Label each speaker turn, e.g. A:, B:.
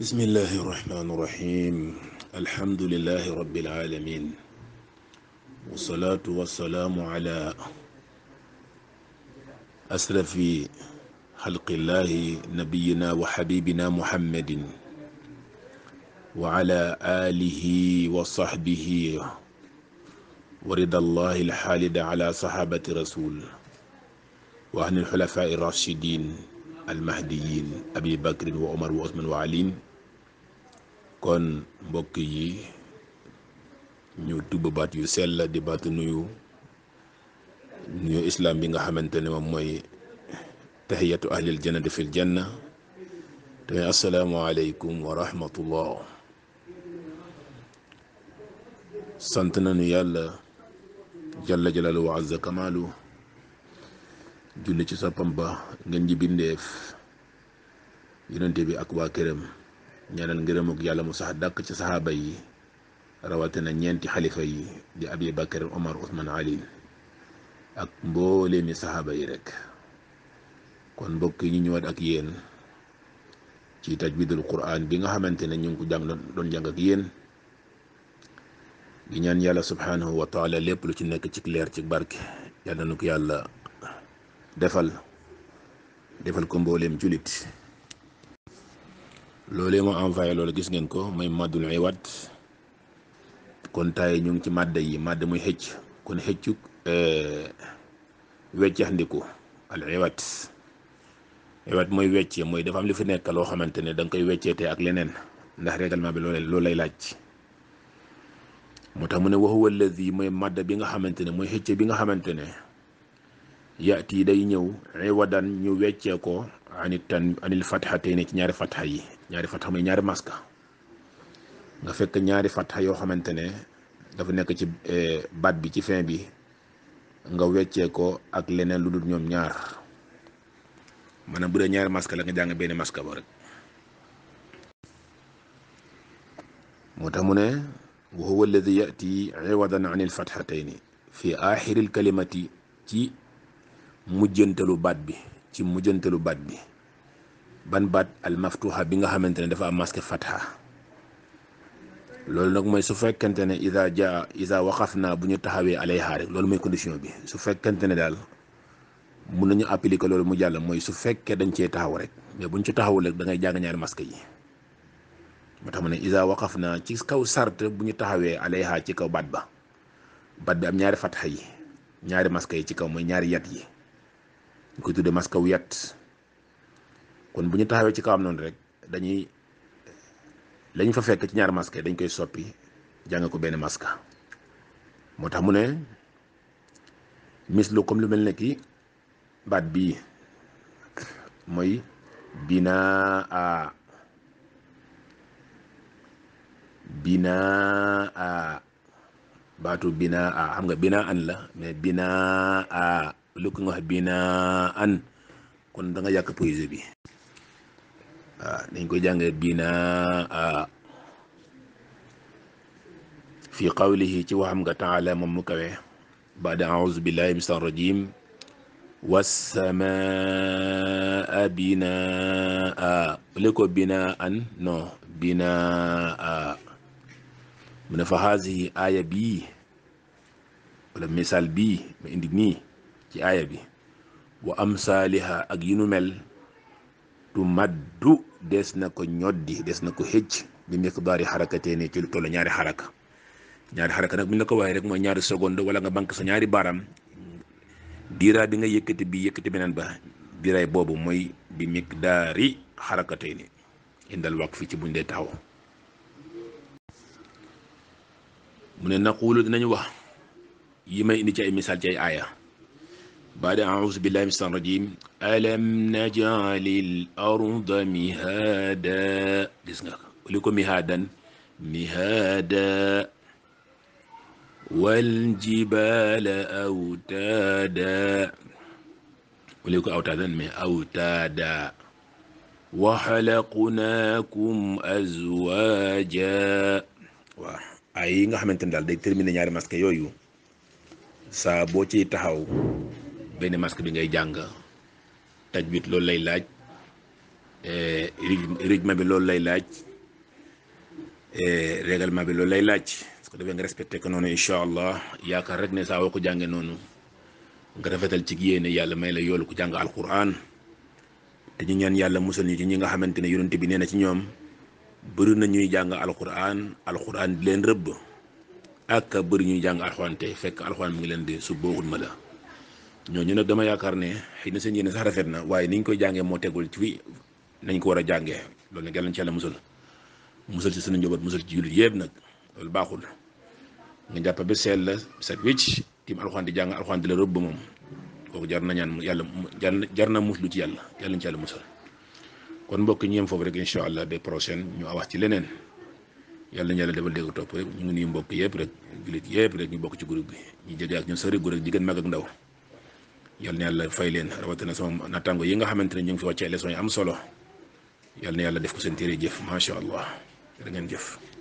A: بسم الله الرحمن الرحيم الحمد لله رب العالمين والصلاة والسلام على أسرف خلق الله نبينا وحبيبنا محمد وعلى آله وصحبه ورد الله الحالد على صحابة رسول وأهل الحلفاء الراشدين almahdiyyin abi bakrin wa omar wa osman wa aliin kon mbokk yi ñu tubb baat yu sell di baatu nuyu nuyu islam bi nga xamante ne moom mooy tahiyatu ahlil jannati fil janna te mooy asalaamualeykum wa rahmatullah sant nañu yàlla jalla jalalu wa azza kamaalu julli ci sa soppam ba nga njibindeef yonente bi ak waa këram ñaanal ngërëmuk yàlla mu sax dàkk ci saxaaba yi rawatina ñeenti xalifa yi di abi omar usman ali ak mbooleemi saxaaba yi rek kon mbokk yi ñu ñëwaat ak yéen ci tajwidul quraan bi nga xamante ne ñu ngi ko jàng doon jàng ak yéen di ñaan yàlla subhanahu wa taala lépp lu ci nekk ci leer ci barke yàlla na yàlla defal defal ko mbooleem julit loolee moo envoyé loolu gis ngeen ko mooy maddul iwat kon taay ñu ngi ci madda yi madda muy xëcc kon xëccuk eh, weccaxndiku al iwat iwat mooy weccee mooy dafa am li fi nekk loo xamante ne da nga koy ak leneen ndax règlement bi loolu loolu lay laaj moo tax mu ne wa huwa alladi mooy madda bi nga xamante ne mooy xëcce bi nga xamante ne yaati day ñëw ay iwadan ñu weccee ko anit tan anil fatxatayni ci ñaari fatxa yi ñaari fatxa mooy ñaari maska nga fekk ñaari fatxa yoo xamante ne dafa nekk ci e, baat bi ci fin bi nga weccee ak leneen lu dul ñoom ñaar maanaam bu dee ñaari maska la nga jàng benn maska ba rek moo tax mu ne wa huwa alladi yati iwadan anil fatxatayni fi axiril kalimati ci mujjantalu baat bi ci mujjantalu baat bi ban baat al maftuha bi nga xamante ne dafa am masque fatha loolu nag mooy su fekkente ne isa ja isa waxaf naa bu ñu taxawee alayha rek loolu mooy condition bi su fekkente ne daal mun nañu appliquer loolu mu jàll mooy su fekkee dañ cee taxaw rek mais ñu ci taxawul rek dangay jàng ñaari masque yi ba tax ma ne isa waxaf naa ci kaw sart bu ñu taxawee alayha ci kaw baat ba baat bi am ñaari fatha yi ñaari masque yi ci kaw mooy ñaari yat yi ñu koy tuddee maskawiyat kon bu ñu taxawee ci kawam noonu rek dañuy lañ fa fekk ci ñaar maska dañ koy soppi jàng ko benn maska moo tax mu ne mislu comme lu mel ne ki baat bii mooy binaa binaa baatu binaa xam nga binaan la mais binaa lu ko nga wax binaan kon da nga yàq poésie bi waaw ah, dañ koy jànge binaa fi qawlihi ci waxam nga taala moom mu kawe baada auzu billahi min saan rajim wasamaa binaa li ko binaan binaa mu ne fa haasihi aaya bii wala misaal bii ma indi ci aaya bi wa amsaaliha ak yi nu mel tu des na ko ñoddi des na ko xëcc bi miqdaari xarakatee ne ci lu toll ñaari xaraka ñaari xaraka nag bu ñu la ko waaye rek mooy ñaari seconde wala nga bank sa ñaari baaraam diiraa bi nga yëkkati bi yëkkati beneen ba diiraay boobu mooy bi miqdaari xarakatee ne indal wàq fi ci buñ dee taxaw mu ne naquulu dinañu wax yi may indi ci ay misaal ci ay aaya بعد أعوذ بالله من الشيطان الرجيم ألم نجعل الأرض مهادا لكم مهادا مهادا والجبال أوتادا ولكم أوتادا من أوتادا وحلقناكم أزواجا waaw ay yi nga xamante ne daal day benn masque bi ngay jàng taj tajwid loolu lay laaj eh, rythme bi loolu lay laaj eh, règlement bi loolu lay laaj parce que dafay nga respecté ko noonu incha allah yaakaar rek ne saa woo ko jàngee noonu nga rafetal ci yéene yàlla may la yoolu ko jàng alquran te ñu ñaan yàlla musal ñu ci ñi nga xamante ne yonent bi nee na ci ñoom bëri na ñuy jàng alquran alquran di leen rëbb ak bëri ñuy jàng alxuraan te fekk alxuraan mu ngi leen di su booxut ma la ñooñu nag dama yaakaar ne xëy na seen yéene sax rafet na waaye ni ñu koy jàngee moo tegul ci fi nañ ko war a jànge loolu nag yàlla na ci yàlla musal musal ci sunu njaboot musal ci jullit yëpp nag loolu baaxul nga jàpp ba seel la set wicc tim alxuraan di jàng alxuraan di la moom kooku jar na ñaan yàlla jar na muslu ci yàlla yàlla na ci yàlla musal kon mbokk ñi yem foofu rek incha allah ba prochaine ñu awax ci leneen yàlla na yàlla defal dégg topp rek ñu ngi nuyu mbokk yëpp rek jullit yëpp rek ñu bokk ci groupe bi ñu jege ak ñun sori góor ak jigéen mag ak ndaw yal na yàlla fay leen rawatina sama naataango yi nga xamante ne ñu ngi fi wàccee leçon yi am solo yal na yàlla def ko seen téere jëf macha allah da ngeen jëf.